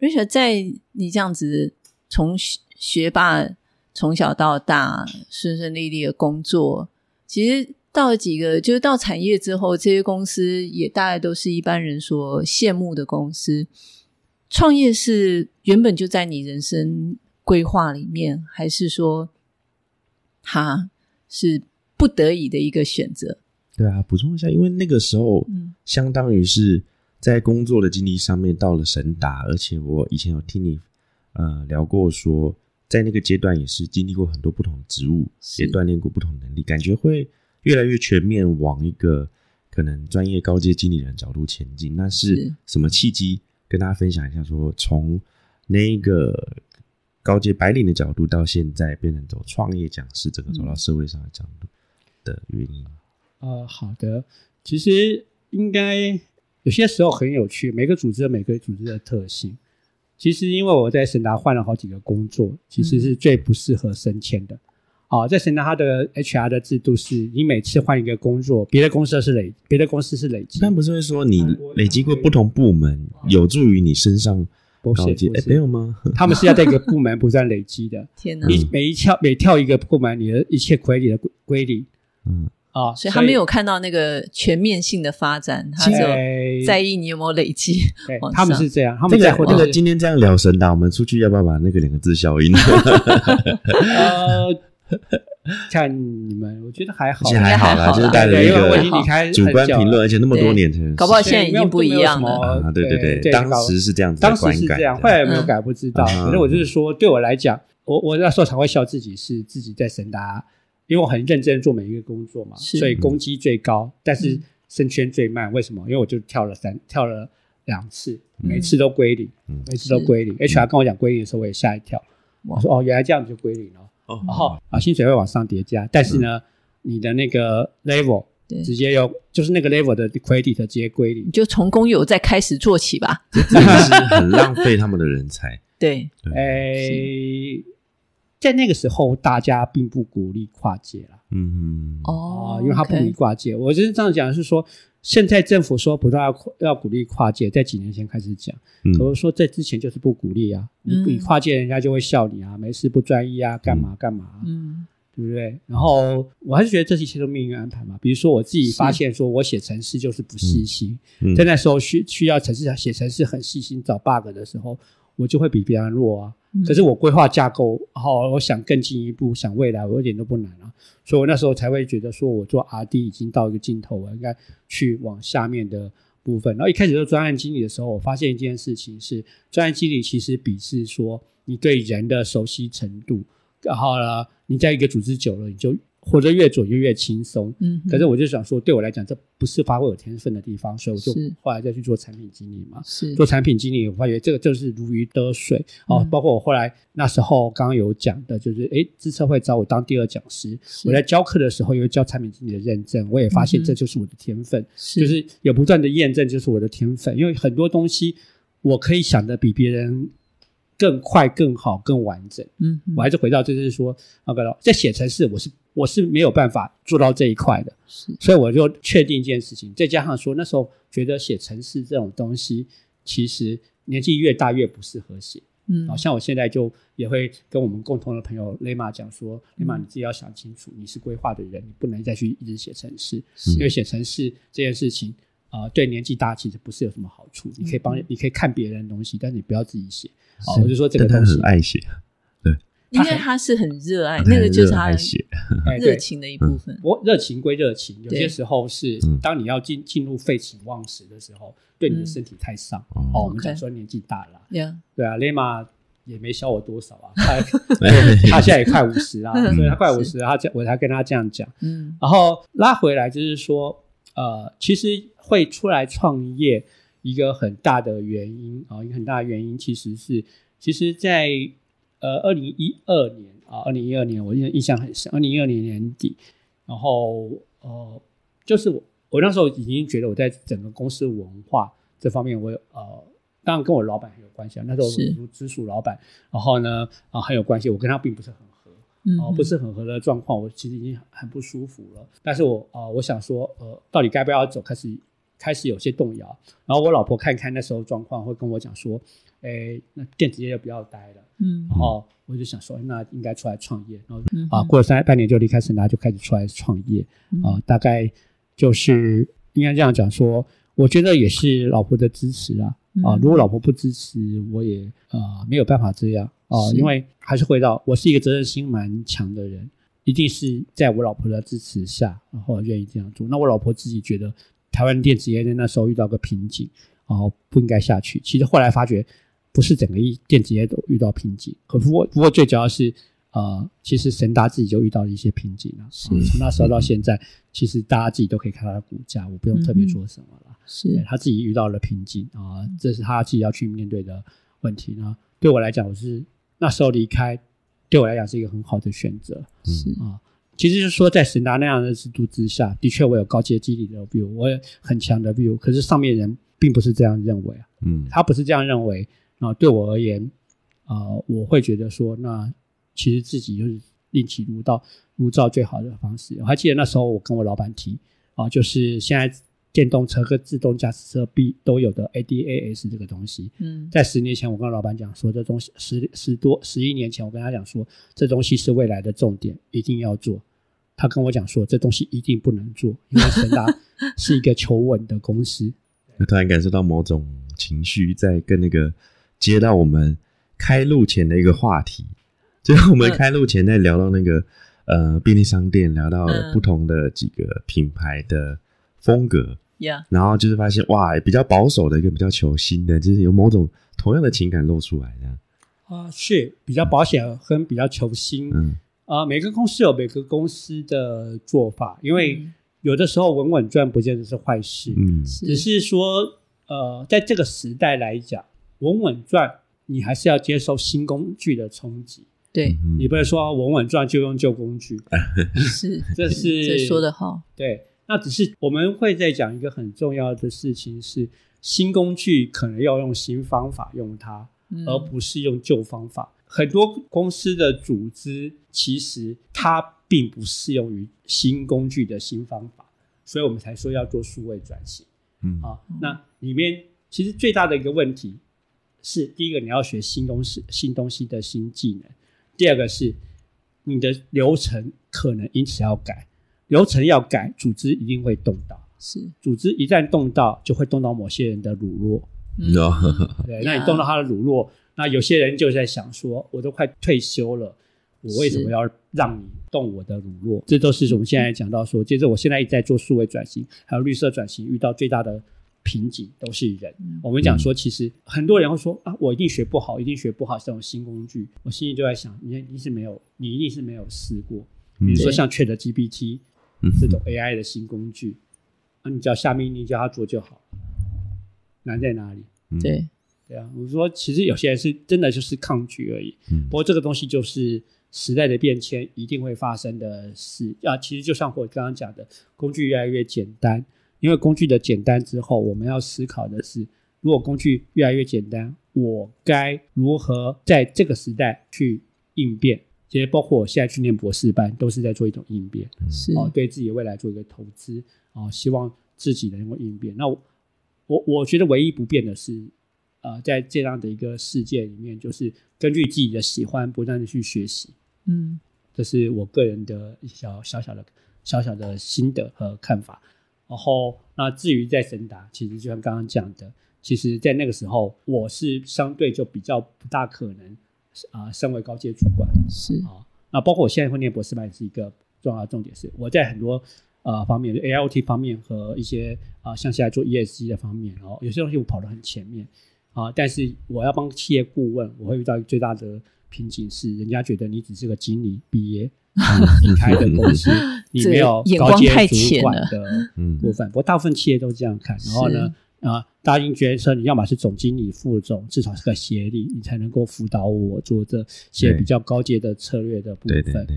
yeah.，Richard，在你這樣子從學霸從小到大順順利利的工作，其實到了幾個，就是到產業之後，這些公司也大概都是一般人所羨慕的公司。創業是原本就在你人生規劃裡面，還是說他是不得已的一個選擇？對啊，補充一下，因為那個時候，嗯，相當於是在工作的經歷上面到了神達，嗯、而且我以前有聽你，呃，聊過說，在那個階段也是經歷過很多不同的職務，是也鍛鍊過不同的能力，感覺會越來越全面，往一個可能專業高階經理人的角度前進。那是什麼契機？嗯、跟大家分享一下說，說從那個高階白領的角度到現在變成走創業講師，整個走到社會上的角度的原因。呃，好的。其實應該有些時候很有趣，每個組織有每個組織的特性。其實，因為我在神達換了好幾個工作，其實是最不適合升遷的。好、嗯哦、在神達，它的 HR 的制度是你每次換一個工作，別的公司是累，別的公司是累積。但不是會說你累積過不同部門，有助於你身上高級沒有嗎？他們是要在一個部門不斷累積的。天哪，每一跳每跳一個部門，你的一切規律的規律，嗯。嗯嗯嗯啊，所以他沒有看到那個全面性的發展，他就在意你有沒有累積。對，他們是這樣。他這個這個今天這樣聊神達，我們出去要不要把那個兩個字消音？呃，看你們，我覺得還好，其實還好啦，就是帶着一個主觀評論，而且那麼多年，才搞不好現在已經不一樣了。對對對，當時是這樣，當時是這樣，後來有沒有改不知道。反正我就是說，對我來講，我我那時候常會笑自己是自己在神達。因為我很認真做每一個工作嘛，所以工資最高，但是升遷最慢。為什麼？因為我就跳了三，跳了兩次，每次都歸零，每次都歸零。H R 跟我講歸零的時候，我也嚇一跳。我說：“哦，原來這樣子就歸零哦。”哦，然後啊，薪水會往上疊加，但是呢，你的那個 level 直接有，就是那個 level 的 credit 直接歸零。你就從工友再開始做起吧，很浪費他們的人才。對，哎。在那個時候，大家並不鼓勵跨界了。嗯哼，哦、啊，因為他不鼓勵跨界。Okay 我就是這樣講，是說現在政府說不斷要要鼓勵跨界，在幾年前開始講。可是、嗯、說在之前就是不鼓勵啊。嗯、你你跨界，人家就會笑你啊，沒事不專一啊，幹嘛幹嘛、啊？嗯，對不對？然後、嗯、我還是覺得這一切都命運安排嘛。比如說我自己發現，說我寫程式就是不細心。是在那時候需需要程式寫程式很細心找 bug 的時候，我就會比別人弱啊。可是我規劃架構，然後我想更進一步，想未來我一點都不難啊，所以我那時候才會覺得說，我做 RD 已經到一個盡頭，我應該去往下面的部分。然後一開始做專案經理的時候，我發現一件事情是，專案經理其實比是說你對人的熟悉程度，然後呢，你在一個組織久了，你就。或者越做就越，越輕鬆，嗯哼，可是我就想說，對我來講，這不是發揮我天分的地方，所以我就後來再去做產品經理嘛，是做產品經理，我發覺這個就是如魚得水、嗯、哦。包括我後來那時候剛剛有講的，就是哎，資策會找我當第二講師，是我在教課的時候，因為教產品經理的認證，我也發現這就是我的天分，是、嗯、哼就是有不斷的驗證，就是我的天分，是因為很多東西我可以想的比別人更快、更好、更完整。嗯哼，我還是回到就是說，那、啊、個在寫程式我是。我是沒有辦法做到這一塊的，的所以我就確定一件事情，再加上說那時候覺得寫程式這種東西，其實年紀越大越不適合寫，嗯，好、哦、像我現在就也會跟我們共同的朋友雷馬講說，嗯、雷馬，你自己要想清楚，你是規劃的人，你不能再去一直寫程式，的因為寫程式這件事情啊、呃，對年紀大其實不是有什麼好處，嗯嗯，你可以幫，你可以看別人的東西，但是你不要自己寫，啊、哦，是我就說這個東西。因為他是很熱愛，那個就是他熱情的一部分。我熱情歸熱情，有些時候是當你要進進入廢寢忘食的時候，對你的身體太傷。哦，我們講說年紀大了，對啊，雷馬也沒小我多少啊，他他現在也快五十啊，所以他快五十，他我才跟他這樣講。嗯，然後拉回來就是說，呃，其實會出來創業一個很大的原因啊，一個很大的原因其實是，其實，在。呃，二零一二年啊，二零一二年，我印象很深。二零一二年年底，然後呃，就是我我那時候已經覺得我在整個公司文化這方面我有，我呃，當然跟我老板很有關係啊。那時候我是直屬老板，然後呢啊，很有關係，我跟他並不是很合，啊，不是很合的狀況，我其實已經很不舒服了。但是我啊，呃，我想說，呃，到底該不該要走，開始。開始有些動搖，然後我老婆看看那時候狀況，會跟我講說：“誒，那電子業就不要待了。”嗯，然後我就想說：“那應該出來創業。”然後、嗯、哼啊，過了三半年就離開神達，就開始出來創業。嗯、啊，大概就是應該這樣講說，嗯、我覺得也是老婆的支持啊。啊，嗯、如果老婆不支持，我也啊沒有辦法這樣啊，是因為還是回到我是一個責任心蠻強的人，一定是在我老婆的支持下，然後願意這樣做。那我老婆自己覺得。台灣電子業那時候遇到個瓶頸，哦、呃，不應該下去。其實後來發覺，不是整個一電子業都遇到瓶頸。可不過，不過最主要是，呃，其實神達自己就遇到了一些瓶頸、啊、是從、啊、那時候到現在，嗯、其實大家自己都可以看它的股價，我不用特別做什麼了。嗯、對是他自己遇到了瓶頸啊、呃，這是他自己要去面對的問題呢。對我來講，我是那時候離開，對我來講是一個很好的選擇。是啊。其實就是說，在神達那樣的制度之下，的確我有高階經理的 view，我有很強的 view。可是上面人並不是這樣認為啊，嗯，他不是這樣認為。那、呃、對我而言，呃，我會覺得說，那其實自己就是另起爐灶，爐灶最好的方式。我還記得那時候我跟我老板提，哦、呃，就是現在。電動車跟自動駕駛車必都有的 ADAS 這個東西，嗯，在十年前我跟老闆講說這東西十十多十一年前我跟他講說這東西是未來的重點，一定要做。他跟我講說這東西一定不能做，因為神達是一個求穩的公司。我 <laughs> 對突然感受到某種情緒在跟那個接到我們開路前的一個話題，最後我們開路前在聊到那個、嗯、呃便利商店，聊到不同的幾個品牌的風格。Yeah. 然後就是發現哇，比較保守的一個比較求新的，就是有某種同樣的情感露出來的啊，uh, 是比較保險跟比較求新。嗯啊，uh, 每個公司有每個公司的做法，因為有的時候穩穩賺不見得是壞事。嗯，只是說是呃，在這個時代來講，穩穩賺你還是要接受新工具的衝擊。對，嗯、哼你不能說穩穩賺就用舊工具。 <laughs> 是， <laughs> 這是說得好。對。那只是我們會在講一個很重要的事情，是新工具可能要用新方法用它，而不是用舊方法。很多公司的組織其實它並不適用於新工具的新方法，所以我們才說要做數位轉型。嗯，好，那裡面其實最大的一個問題，是第一個你要學新東西，新東西的新技能；第二個是你的流程可能因此要改。流程要改，組織一定會動到。是，組織一旦動到，就會動到某些人的乳酪。哦、嗯，No. 對，Yeah. 那你動到他的乳酪，那有些人就在想說，我都快退休了，我為什麼要讓你動我的乳酪？是這都是我們現在講到說，嗯、接著我現在一直在做數位轉型，還有綠色轉型，遇到最大的瓶頸都是人。嗯、我們講說，其實很多人會說啊，我一定學不好，一定學不好這種新工具。我心裡就在想，你你是沒有，你一定是沒有試過。嗯、比如說像 ChatGPT。這種 AI 的新工具，嗯、哼啊，你只要下命令，叫它做就好。難在哪裡？對、嗯、對啊，我說其實有些人是真的就是抗拒而已。嗯、不過這個東西就是時代的變遷一定會發生的事啊。其實就像我剛剛講的，工具越來越簡單，因為工具的簡單之後，我們要思考的是，如果工具越來越簡單，我該如何在這個時代去應變？其實包括我現在去念博士班，都是在做一種應變，是哦，對自己未來做一個投資，哦，希望自己能夠應變。那我我，我覺得唯一不變的是，呃，在這樣的一個世界裡面，就是根據自己的喜歡，不斷地去學習。嗯，這是我個人的一小小小的小小的心得和看法。然後，那至於在神達，其實就像剛剛講的，其實在那個時候，我是相對就比較不大可能。啊，身為高階主管是啊、哦，那包括我現在會念博士班也是一個重要的重點是我在很多呃方面，的 AIoT 方面和一些啊、呃，像現在做 E S G 的方面，然、哦、後有些東西我跑得很前面啊、哦。但是我要幫企業顧問，我會遇到最大的瓶頸是，人家覺得你只是個經理畢業，你開的公司，嗯、你沒有高階主管的部分。不過大部分企業都是這樣看，然後呢？啊、呃，大家應覺得說，你要麼是總經理、副總，至少是個協理，你才能夠輔導我做這些比較高階的策略的部分。對，對，對，對。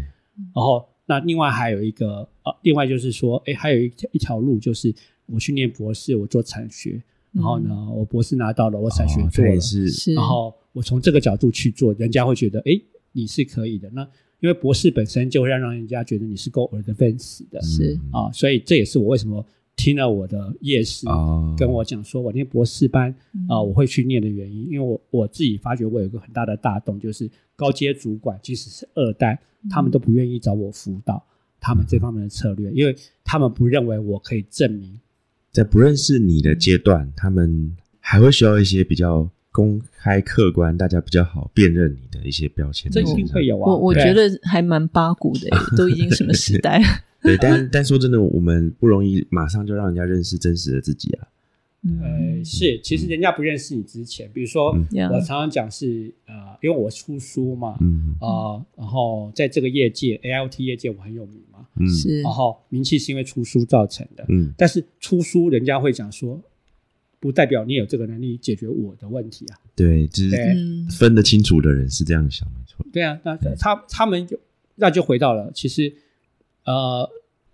然後，那另外還有一個啊，另外就是說，哎、欸，還有一條一條路就是，我去念博士，我做產學。然後呢，嗯、我博士拿到了，我產學做了、哦、是。然後我從這個角度去做，人家會覺得，哎、欸，你是可以的。那因為博士本身就會讓人家覺得你是夠 advanced 的，是啊、呃，所以這也是我為什麼。聽了我的夜市，跟我講說，我念博士班啊、呃，我會去念的原因，因為我我自己發覺我有一個很大的大洞，就是高階主管，即使是二代，他們都不願意找我輔導他們這方面的策略，因為他們不認為我可以證明，嗯、在不認識你的階段，他們還會需要一些比較公開、客觀、大家比較好辨認你的一些標籤。真心會有啊對，我我覺得還蠻八股的， <laughs> 都已經什麼時代？ <laughs> 對，但但說真的，我們不容易馬上就讓人家認識真實的自己啊。呃，是，其實人家不認識你之前，比如說我常常講是呃，因為我出書嘛，嗯，啊，然後在這個業界，AIoT 業界我很有名嘛，是，然後名氣是因為出書造成的，嗯，但是出書人家會講說，不代表你有這個能力解決我的問題啊。對，只是分得清楚的人是這樣想，沒錯。對啊，那他他們就那就回到了，其實呃。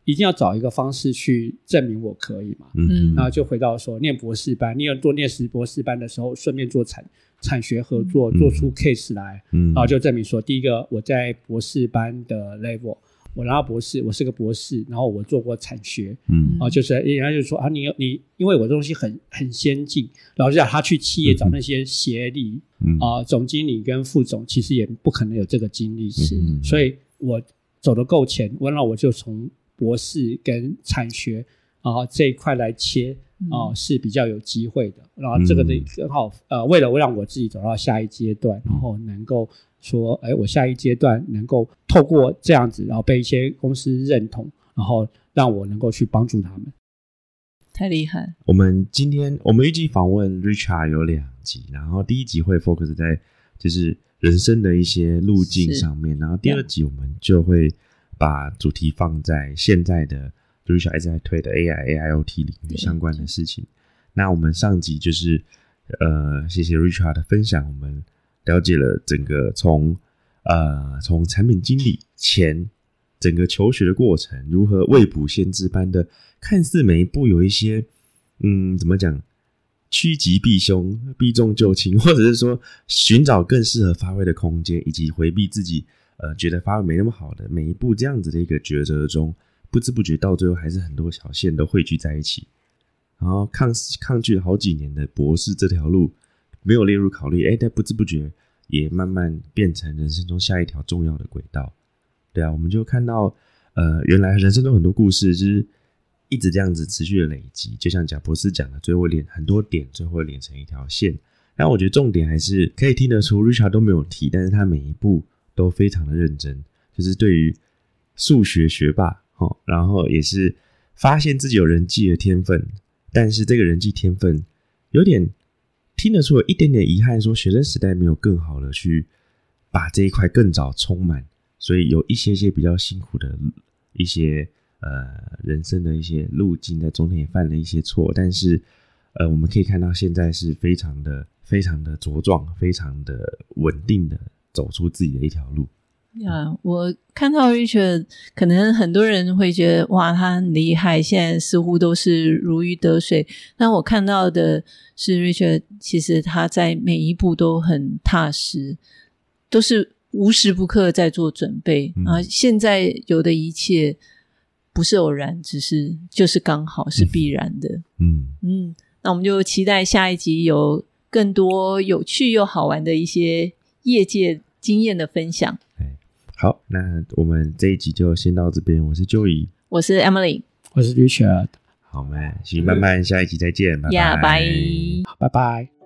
一定要找一個方式去證明我可以嘛，嗯嗯，然後就回到說念博士班，你要做念實博士班的時候，順便做產產學合作，做出 case 來，嗯嗯，然後就證明說，第一個我在博士班的 level，我拿到博士，我是個博士，然後我做過產學，嗯嗯啊，就是人家就說啊，你你因為我的東西很很先進，然後就叫他去企業找那些協理啊嗯嗯、呃，總經理跟副總其實也不可能有這個經歷，嗯嗯，所以，我走得夠前，我那我就從。博士跟產學，然、啊、後這一塊來切啊、嗯、是比較有機會的。然後這個呢，剛好呃，為了我讓我自己走到下一階段，嗯、然後能夠說，哎、欸，我下一階段能夠透過這樣子，然後被一些公司認同，然後讓我能夠去幫助他們，太厲害。我們今天我們預計訪問 Richard 有兩集，然後第一集會 focus 在就是人生的一些路徑上面，是然後第二集我們就會。把主題放在現在的 Richard 在推的 <music> AI, AI、AIoT 領域相關的事情。 <music> 那我們上集就是呃，謝謝 Richard 的分享，我們了解了整個從呃從產品經理前整個求學的過程，如何未卜先知般的看似每一步有一些嗯，怎麼講趨吉避凶、避重就輕，或者是說尋找更適合發揮的空間，以及回避自己。呃，覺得發揮沒那麼好的每一步，這樣子的一個抉擇中，不知不覺到最後還是很多小線都匯聚在一起。然後抗抗拒了好幾年的博士這條路沒有列入考慮，哎、欸，但不知不覺也慢慢變成人生中下一條重要的軌道。對啊，我們就看到，呃，原來人生中很多故事就是一直這樣子持續的累積，就像賈博士講的，最後連很多點最後連成一條線。但我覺得重點還是可以聽得出，Richard 都沒有提，但是他每一步。都非常的認真，就是對於數學學霸哦，然後也是發現自己有人際的天分，但是這個人際天分有點聽得出有一點點遺憾，說學生時代沒有更好的去把這一塊更早充滿，所以有一些些比較辛苦的一些呃，人生的一些路徑，在中間也犯了一些錯，但是呃，我們可以看到現在是非常的非常的茁壯，非常的穩定的。走出自己的一條路。啊，yeah, 我看到 Richard，可能很多人會覺得哇，他很厲害，現在似乎都是如魚得水。但我看到的是 Richard，其實他在每一步都很踏實，都是無時不刻在做準備啊。嗯。然後現在有的一切不是偶然，只是就是剛好，是必然的。嗯嗯，那我們就期待下一集有更多有趣又好玩的一些。業界經驗的分享、哎。好，那我們這一集就先到這邊。我是 Joey，我是 Emily，我是 Richard。好嘛，請慢慢，下一集再見。嗯、拜拜，拜拜、yeah, bye。Bye bye